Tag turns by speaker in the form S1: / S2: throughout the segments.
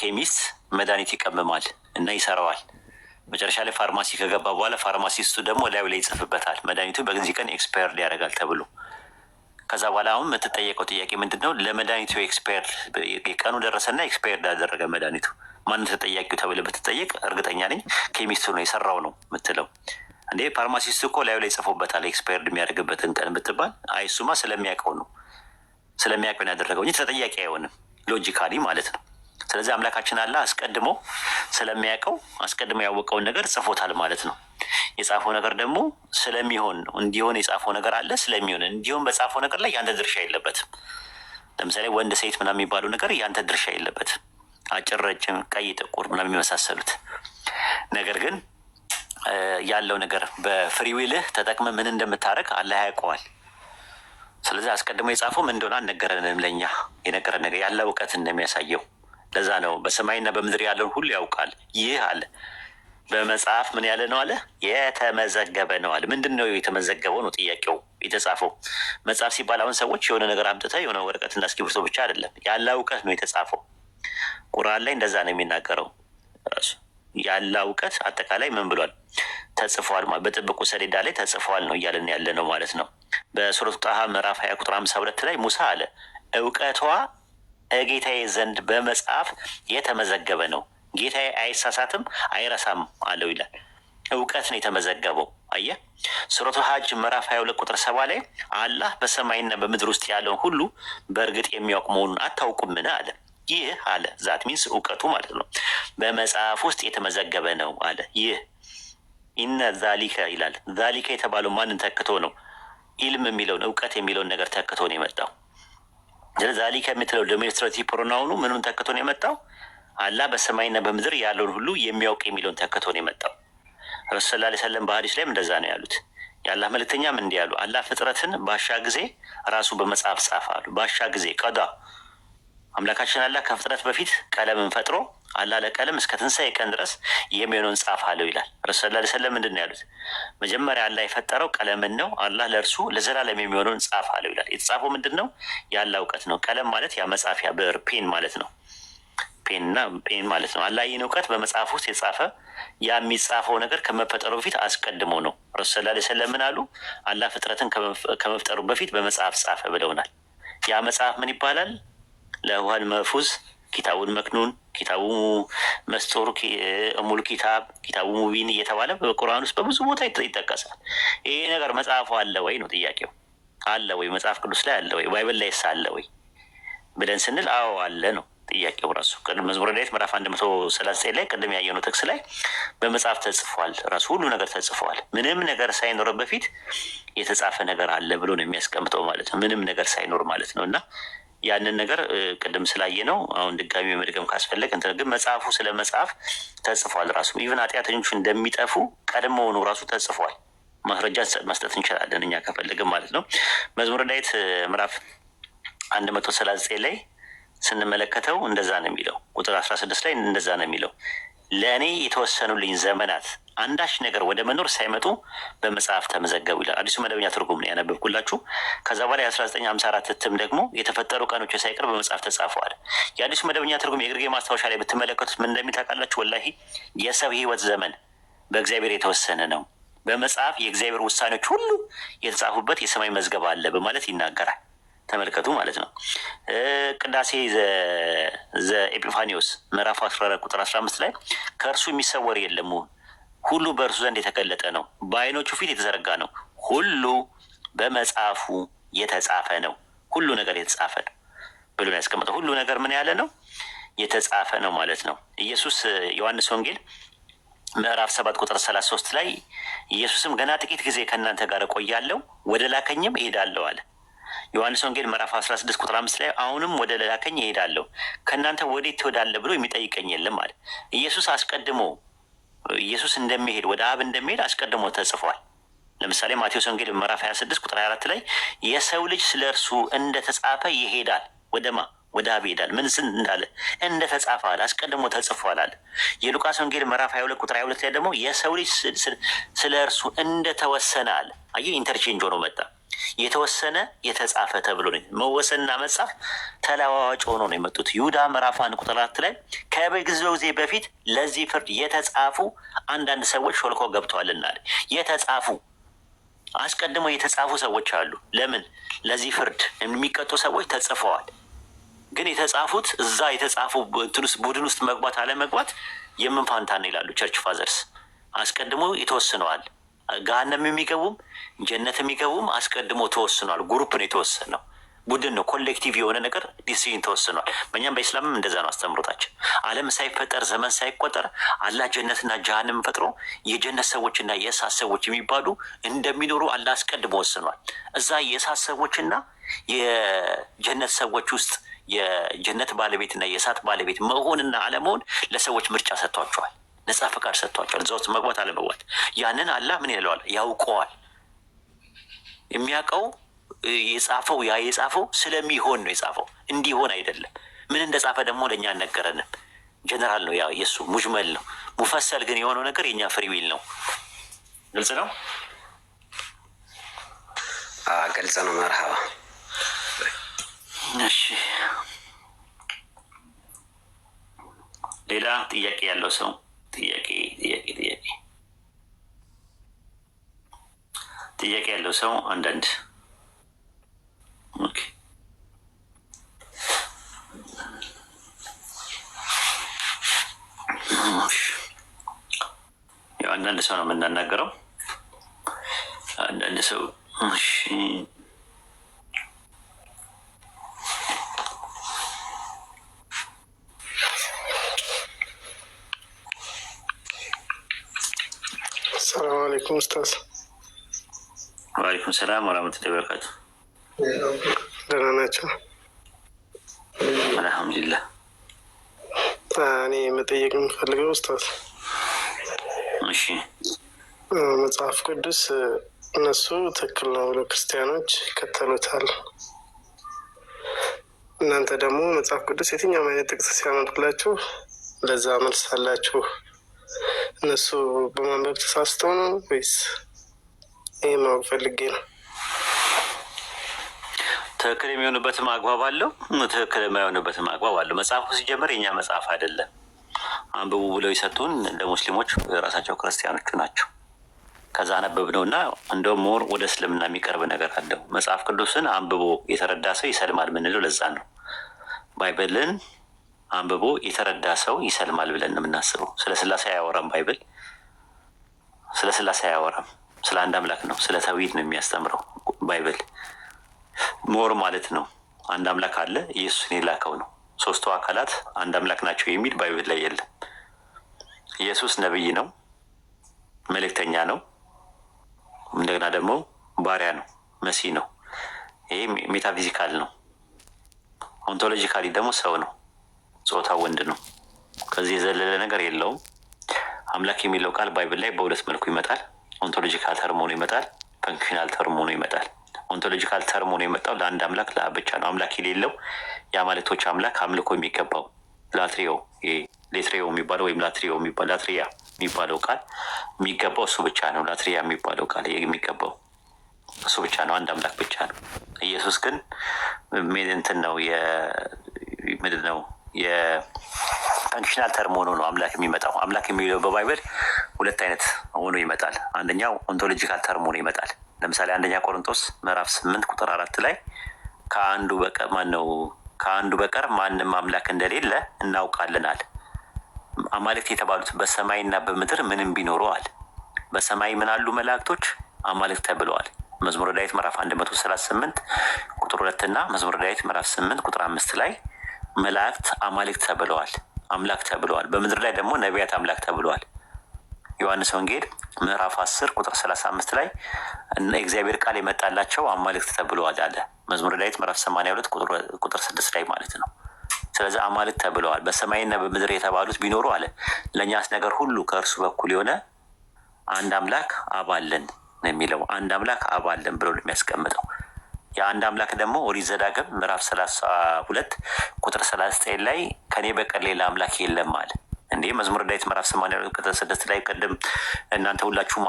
S1: ኬሚስት መድኃኒት ይቀምማል እና ይሰራዋል። መጨረሻ ላይ ፋርማሲ ከገባ በኋላ ፋርማሲስቱ ደግሞ ላዩ ላይ ይጽፍበታል፣ መድኃኒቱ በዚህ ቀን ኤክስፓየር ያደርጋል ተብሎ ከዛ በኋላ አሁን የምትጠየቀው ጥያቄ ምንድን ነው? ለመድኃኒቱ ኤክስፓየር ቀኑ ደረሰና ኤክስፓየር ያደረገ መድኃኒቱ ማን ተጠያቂው ተብለ ብትጠየቅ እርግጠኛ ነኝ ኬሚስቱ ነው የሰራው ነው የምትለው። እንዴ ፋርማሲስቱ እኮ ላዩ ላይ ጽፎበታል ኤክስፓየር የሚያደርግበትን ቀን ብትባል፣ አይ እሱማ ስለሚያውቀው ነው ስለሚያውቀው ያደረገው እንጂ ተጠያቂ አይሆንም ሎጂካሊ ማለት ነው። ስለዚህ አምላካችን አለ አስቀድሞ ስለሚያውቀው አስቀድሞ ያወቀውን ነገር ጽፎታል ማለት ነው። የጻፈው ነገር ደግሞ ስለሚሆን ነው። እንዲሆን የጻፈው ነገር አለ ስለሚሆን እንዲሆን በጻፈው ነገር ላይ ያንተ ድርሻ የለበትም። ለምሳሌ ወንድ ሴት ምናምን የሚባለው ነገር ያንተ ድርሻ የለበትም። አጭር፣ ረጅም፣ ቀይ፣ ጥቁር ምናምን የሚመሳሰሉት ነገር ግን ያለው ነገር በፍሪዊልህ ተጠቅመ ምን እንደምታደርግ አላህ ያውቀዋል። ስለዚህ አስቀድሞ የጻፈው ምን እንደሆነ አልነገረንም። ለኛ የነገረን ነገር ያለ እውቀት እንደሚያሳየው ለዛ ነው በሰማይና በምድር ያለውን ሁሉ ያውቃል። ይህ አለ በመጽሐፍ ምን ያለ ነው አለ የተመዘገበ ነው አለ። ምንድን ነው የተመዘገበው ነው ጥያቄው። የተጻፈው መጽሐፍ ሲባል አሁን ሰዎች የሆነ ነገር አምጥተ የሆነ ወረቀትና እስክሪብቶ ብቻ አይደለም፣ ያለ እውቀት ነው የተጻፈው። ቁርአን ላይ እንደዛ ነው የሚናገረው። ያለ እውቀት አጠቃላይ ምን ብሏል ተጽፏል ማለት በጥብቁ ሰሌዳ ላይ ተጽፏል ነው እያለን ያለ ነው ማለት ነው። በሱረቱ ጣሃ ምዕራፍ ሀያ ቁጥር ሀምሳ ሁለት ላይ ሙሳ አለ እውቀቷ ጌታዬ ዘንድ በመጽሐፍ የተመዘገበ ነው። ጌታዬ አይሳሳትም አይረሳም አለው ይላል። እውቀት ነው የተመዘገበው። አየ ሱረቱ ሀጅ ምዕራፍ ሀያ ሁለት ቁጥር ሰባ ላይ አላህ በሰማይና በምድር ውስጥ ያለውን ሁሉ በእርግጥ የሚያውቅ መሆኑን አታውቁምን አለ። ይህ አለ ዛት ሚንስ እውቀቱ ማለት ነው። በመጽሐፍ ውስጥ የተመዘገበ ነው አለ። ይህ ኢነ ዛሊከ ይላል። ዛሊከ የተባለው ማንን ተክቶ ነው? ኢልም የሚለውን እውቀት የሚለውን ነገር ተክቶ ነው የመጣው። ዛሊከ የምትለው ዶሜስቲክ ፕሮናውኑ ምንም ተክቶ ነው የመጣው። አላህ በሰማይና በምድር ያለውን ሁሉ የሚያውቅ የሚለውን ተክቶ ነው የመጣው። ረሱል ላ ሰለም በሀዲስ ላይም እንደዛ ነው ያሉት። የአላህ መልእክተኛም እንዲህ ያሉ፣ አላህ ፍጥረትን ባሻ ጊዜ ራሱ በመጽሐፍ ጻፍ አሉ። ባሻ ጊዜ ቀዳ አምላካችን አላህ ከፍጥረት በፊት ቀለምን ፈጥሮ አላለ ቀለም እስከ ትንሣኤ ቀን ድረስ የሚሆነውን አለው ይላል። ረሱ ላ ሰለም ምንድን ነው ያሉት? መጀመሪያ አላህ የፈጠረው ቀለምን ነው። አላህ ለእርሱ ለዘላለም የሚሆነውን አለው ይላል። የተጻፈው ምንድን ነው? ያለ እውቀት ነው። ቀለም ማለት ያ መጻፊያ ብዕር ፔን ማለት ነው። ፔንና ፔን ማለት ነው። አላህ ይህን እውቀት በመጽሐፍ ውስጥ የጻፈ ያ የሚጻፈው ነገር ከመፈጠሩ በፊት አስቀድሞ ነው። ረሱ ላ ሰለም ምን አሉ? አላህ ፍጥረትን ከመፍጠሩ በፊት በመጽሐፍ ጻፈ ብለውናል። ያ መጽሐፍ ምን ይባላል? ለውሐል መፉዝ ኪታቡን መክኑን ኪታቡ መስጦር እሙል ኪታብ ኪታቡ ሙቢን እየተባለ በቁርአን ውስጥ በብዙ ቦታ ይጠቀሳል። ይሄ ነገር መጽሐፉ አለ ወይ ነው ጥያቄው። አለ ወይ መጽሐፍ ቅዱስ ላይ አለ ወይ ባይብል ላይ አለ ወይ ብለን ስንል አዎ አለ ነው ጥያቄው ራሱ። መዝሙረ ዳዊት ምዕራፍ አንድ መቶ ሰላሳ ዘጠኝ ላይ ቅድም ያየነው ጥቅስ ላይ በመጽሐፍ ተጽፏል፣ ራሱ ሁሉ ነገር ተጽፏል። ምንም ነገር ሳይኖረ በፊት የተጻፈ ነገር አለ ብሎ ነው የሚያስቀምጠው ማለት ነው። ምንም ነገር ሳይኖር ማለት ነው እና ያንን ነገር ቅድም ስላየ ነው አሁን ድጋሚ መድገም ካስፈለግ እንትን ግን መጽሐፉ ስለ መጽሐፍ ተጽፏል። ራሱ ኢቨን ኃጢአተኞች እንደሚጠፉ ቀድሞውኑ ራሱ ተጽፏል። ማስረጃ መስጠት እንችላለን እኛ ከፈለግን ማለት ነው። መዝሙረ ዳዊት ምዕራፍ አንድ መቶ ሰላሳ ዘጠኝ ላይ ስንመለከተው እንደዛ ነው የሚለው ቁጥር አስራ ስድስት ላይ እንደዛ ነው የሚለው ለእኔ የተወሰኑልኝ ዘመናት አንዳች ነገር ወደ መኖር ሳይመጡ በመጽሐፍ ተመዘገቡ ይላል። አዲሱ መደበኛ ትርጉም ነው ያነበብኩላችሁ። ከዛ በኋላ የአስራ ዘጠኝ ሀምሳ አራት እትም ደግሞ የተፈጠሩ ቀኖች ሳይቀር በመጽሐፍ ተጻፈዋል። የአዲሱ መደበኛ ትርጉም የግርጌ ማስታወሻ ላይ ብትመለከቱት ምን እንደሚል ታውቃላችሁ? ወላሂ የሰው ህይወት ዘመን በእግዚአብሔር የተወሰነ ነው፣ በመጽሐፍ የእግዚአብሔር ውሳኔዎች ሁሉ የተጻፉበት የሰማይ መዝገብ አለ በማለት ይናገራል። ተመልከቱ ማለት ነው። ቅዳሴ ዘኤጲፋኒዎስ ምዕራፍ አስራ አራት ቁጥር አስራ አምስት ላይ ከእርሱ የሚሰወር የለም፣ ሁሉ በእርሱ ዘንድ የተገለጠ ነው፣ በአይኖቹ ፊት የተዘረጋ ነው፣ ሁሉ በመጽሐፉ የተጻፈ ነው። ሁሉ ነገር የተጻፈ ነው ብሎ ያስቀምጠው። ሁሉ ነገር ምን ያለ ነው? የተጻፈ ነው ማለት ነው። ኢየሱስ ዮሐንስ ወንጌል ምዕራፍ ሰባት ቁጥር ሰላሳ ሶስት ላይ ኢየሱስም ገና ጥቂት ጊዜ ከእናንተ ጋር እቆያለሁ፣ ወደ ላከኝም እሄዳለሁ አለ። ዮሐንስ ወንጌል ምዕራፍ 16 ቁጥር አምስት ላይ አሁንም ወደ ላከኝ ይሄዳለሁ ከእናንተ ወዴት ትወዳለ ብሎ የሚጠይቀኝ የለም አለ። ኢየሱስ አስቀድሞ ኢየሱስ እንደሚሄድ ወደ አብ እንደሚሄድ አስቀድሞ ተጽፏል። ለምሳሌ ማቴዎስ ወንጌል ምዕራፍ 26 ቁጥር 24 ላይ የሰው ልጅ ስለ እርሱ እንደተጻፈ ይሄዳል ወደማ ወደ አብ ይሄዳል። ምን ስን እንዳለ እንደ ተጻፈ አለ፣ አስቀድሞ ተጽፏል አለ። የሉቃስ ወንጌል ምዕራፍ 22 ቁጥር 22 ላይ ደግሞ የሰው ልጅ ስለ እርሱ እንደተወሰነ አለ። አየህ፣ ኢንተርቼንጅ ሆኖ መጣ። የተወሰነ የተጻፈ ተብሎ ነው። መወሰንና መጻፍ ተለዋዋጭ ሆኖ ነው የመጡት። ይሁዳ ምዕራፍ አንድ ቁጥር አራት ላይ ከበጊዜው ጊዜ በፊት ለዚህ ፍርድ የተጻፉ አንዳንድ ሰዎች ሾልኮ ገብተዋልና የተጻፉ አስቀድመው የተጻፉ ሰዎች አሉ። ለምን ለዚህ ፍርድ የሚቀጡ ሰዎች ተጽፈዋል። ግን የተጻፉት እዛ የተጻፉ ቡድን ውስጥ መግባት አለመግባት የምን ፋንታ ነው ይላሉ ቸርች ፋዘርስ። አስቀድሞ የተወስነዋል። ገሃነም የሚገቡም ጀነት የሚገቡም አስቀድሞ ተወስኗል። ግሩፕ ነው የተወሰነው፣ ቡድን ነው፣ ኮሌክቲቭ የሆነ ነገር ዲሲዥን ተወስኗል። በእኛም በኢስላምም እንደዛ ነው አስተምሮታችን። ዓለም ሳይፈጠር ዘመን ሳይቆጠር አላህ ጀነትና ጀሃንም ፈጥሮ የጀነት ሰዎችና የእሳት ሰዎች የሚባሉ እንደሚኖሩ አላህ አስቀድሞ ወስኗል። እዛ የእሳት ሰዎችና የጀነት ሰዎች ውስጥ የጀነት ባለቤትና የእሳት ባለቤት መሆንና አለመሆን ለሰዎች ምርጫ ሰጥቷቸዋል። ነጻ ፈቃድ ሰጥቷቸዋል። እዛ ውስጥ መግባት አለመግባት ያንን አላህ ምን ይለዋል? ያውቀዋል። የሚያውቀው የጻፈው ያ የጻፈው ስለሚሆን ነው የጻፈው እንዲሆን አይደለም። ምን እንደጻፈ ደግሞ ለእኛ አልነገረንም። ጀነራል ነው ያ የእሱ ሙጅመል ነው። ሙፈሰል ግን የሆነው ነገር የእኛ ፍሪዊል ነው። ግልጽ ነው፣
S2: ግልጽ ነው። መርሃባ እሺ። ሌላ ጥያቄ ያለው ሰው ጥያቄ ጥያቄ ጥያቄ ጥያቄ ያለው ሰው አንዳንድ አንዳንድ ሰው ነው የምናናገረው። አንዳንድ ሰው
S3: ሰላም አለይኩም ኡስታዝ።
S2: ወአለይኩም ሰላም ወራህመቱላሂ ወበረካቱ። ደህና ናቸው? አልሐምዱሊላህ።
S3: እኔ መጠየቅ የምፈልገው ኡስታዝ፣ እሺ መጽሐፍ ቅዱስ እነሱ ትክክል ነው ብሎ ክርስቲያኖች ይከተሉታል። እናንተ ደግሞ መጽሐፍ ቅዱስ የትኛውም አይነት ጥቅስ ሲያመጡላችሁ ለዛ መልስ አላችሁ። እነሱ በማንበብ ተሳስተው ነው ወይስ ይህ ማወቅ ፈልጌ ነው።
S2: ትክክል የሚሆንበትም አግባብ አለው፣ ትክክል የማይሆንበትም አግባብ አለው። መጽሐፉ ሲጀመር የኛ መጽሐፍ አይደለም፣ አንብቡ ብለው የሰጡን ለሙስሊሞች የራሳቸው ክርስቲያኖቹ ናቸው። ከዛ አነበብ ነው እና እንደውም ሞር ወደ እስልምና የሚቀርብ ነገር አለው። መጽሐፍ ቅዱስን አንብቦ የተረዳ ሰው ይሰልማል ምንለው ለዛ ነው ባይብልን አንብቦ የተረዳ ሰው ይሰልማል ብለን ነው የምናስበው። ስለ ስላሴ አያወራም ባይብል። ስለ ስላሴ አያወራም፣ ስለ አንድ አምላክ ነው፣ ስለ ተውሂድ ነው የሚያስተምረው ባይብል። ሞር ማለት ነው አንድ አምላክ አለ፣ ኢየሱስን የላከው ነው። ሶስቱ አካላት አንድ አምላክ ናቸው የሚል ባይብል ላይ የለም። ኢየሱስ ነብይ ነው፣ መልእክተኛ ነው፣ እንደገና ደግሞ ባሪያ ነው፣ መሲህ ነው። ይሄ ሜታፊዚካል ነው። ኦንቶሎጂካሊ ደግሞ ሰው ነው። ጾታ ወንድ ነው። ከዚህ የዘለለ ነገር የለውም። አምላክ የሚለው ቃል ባይብል ላይ በሁለት መልኩ ይመጣል። ኦንቶሎጂካል ተርሞ ነው ይመጣል፣ ፈንክሽናል ተርሞ ነው ይመጣል። ኦንቶሎጂካል ተርሞ ነው የመጣው ለአንድ አምላክ ለአብ ብቻ ነው። አምላክ የሌለው የአማልክቶች አምላክ አምልኮ የሚገባው ላትሬዮ ሌትሬዮ የሚባለው ወይም ላትሪዮ ላትሪያ የሚባለው ቃል የሚገባው እሱ ብቻ ነው። ላትሪያ የሚባለው ቃል የሚገባው እሱ ብቻ ነው። አንድ አምላክ ብቻ ነው። ኢየሱስ ግን እንትን ነው ነው የፈንክሽናል ተርም ሆኖ ነው አምላክ የሚመጣው። አምላክ የሚለው በባይብል ሁለት አይነት ሆኖ ይመጣል። አንደኛው ኦንቶሎጂካል ተርም ሆኖ ይመጣል። ለምሳሌ አንደኛ ቆሮንቶስ ምዕራፍ ስምንት ቁጥር አራት ላይ ከአንዱ በቀር ማነው ከአንዱ በቀር ማንም አምላክ እንደሌለ እናውቃለናል። አማልክት የተባሉት በሰማይና በምድር ምንም ቢኖረዋል በሰማይ ምን አሉ መላእክቶች አማልክት ተብለዋል። መዝሙረ ዳዊት ምዕራፍ ስምንት ቁጥር ሁለት እና መዝሙረ ዳዊት ምዕራፍ 8 ቁጥር አምስት ላይ መላእክት አማልክ ተብለዋል፣ አምላክ ተብለዋል። በምድር ላይ ደግሞ ነቢያት አምላክ ተብለዋል። ዮሐንስ ወንጌል ምዕራፍ አስር ቁጥር ሰላሳ አምስት ላይ እግዚአብሔር ቃል የመጣላቸው አማልክት ተብለዋል አለ። መዝሙር ዳዊት ምዕራፍ ሰማንያ ሁለት ቁጥር ስድስት ላይ ማለት ነው። ስለዚህ አማልክት ተብለዋል። በሰማይና በምድር የተባሉት ቢኖሩ አለ ለእኛስ ነገር ሁሉ ከእርሱ በኩል የሆነ አንድ አምላክ አባለን ነው የሚለው አንድ አምላክ አባለን ብሎ የሚያስቀምጠው። የአንድ አምላክ ደግሞ ኦሪት ዘዳግም ምዕራፍ ሰላሳ ሁለት ቁጥር ሰላሳ ዘጠኝ ላይ ከኔ በቀር ሌላ አምላክ የለም አለ። እንዲህ መዝሙር ዳዊት ምዕራፍ ሰማንያ ቁጥር ስድስት ላይ ቅድም እናንተ ሁላችሁም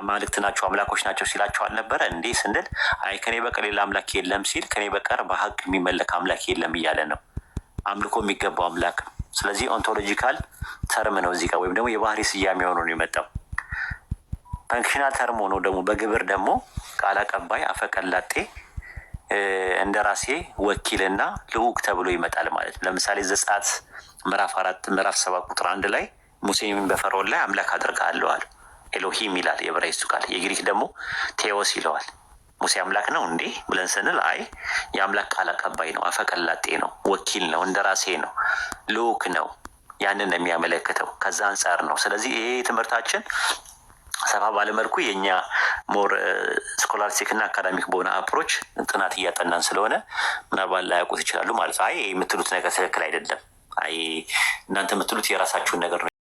S2: አማልክት ናቸው አምላኮች ናቸው ሲላቸው አልነበረ እንዲ ስንል አይ ከኔ በቀር ሌላ አምላክ የለም ሲል ከኔ በቀር በሀቅ የሚመለክ አምላክ የለም እያለ ነው። አምልኮ የሚገባው አምላክ። ስለዚህ ኦንቶሎጂካል ተርም ነው እዚህ ጋር ወይም ደግሞ የባህሪ ስያሜ ሆኖ ነው የመጣው። ፈንክሽናል ተርሞ ነው ደግሞ በግብር ደግሞ ቃል አቀባይ አፈቀላጤ እንደ ራሴ ወኪልና ልዑክ ተብሎ ይመጣል ማለት ነው። ለምሳሌ ዘጸአት ምዕራፍ አራት ምዕራፍ ሰባት ቁጥር አንድ ላይ ሙሴን በፈርዖን ላይ አምላክ አደርግሃለሁ አለ። ኤሎሂም ይላል የዕብራይስጡ ቃል፣ የግሪክ ደግሞ ቴዎስ ይለዋል። ሙሴ አምላክ ነው እንዴ ብለን ስንል አይ የአምላክ ቃል አቀባይ ነው፣ አፈቀላጤ ነው፣ ወኪል ነው፣ እንደ ራሴ ነው፣ ልዑክ ነው። ያንን የሚያመለክተው። ከዛ አንጻር ነው። ስለዚህ ይሄ ትምህርታችን ሰፋ ባለመልኩ የእኛ ሞር ስኮላርስቲክ እና አካዳሚክ በሆነ አፕሮች ጥናት እያጠናን ስለሆነ ምናልባት ላያውቁት ይችላሉ ማለት ነው። አይ የምትሉት ነገር ትክክል አይደለም፣ አይ እናንተ የምትሉት የራሳችሁን ነገር ነው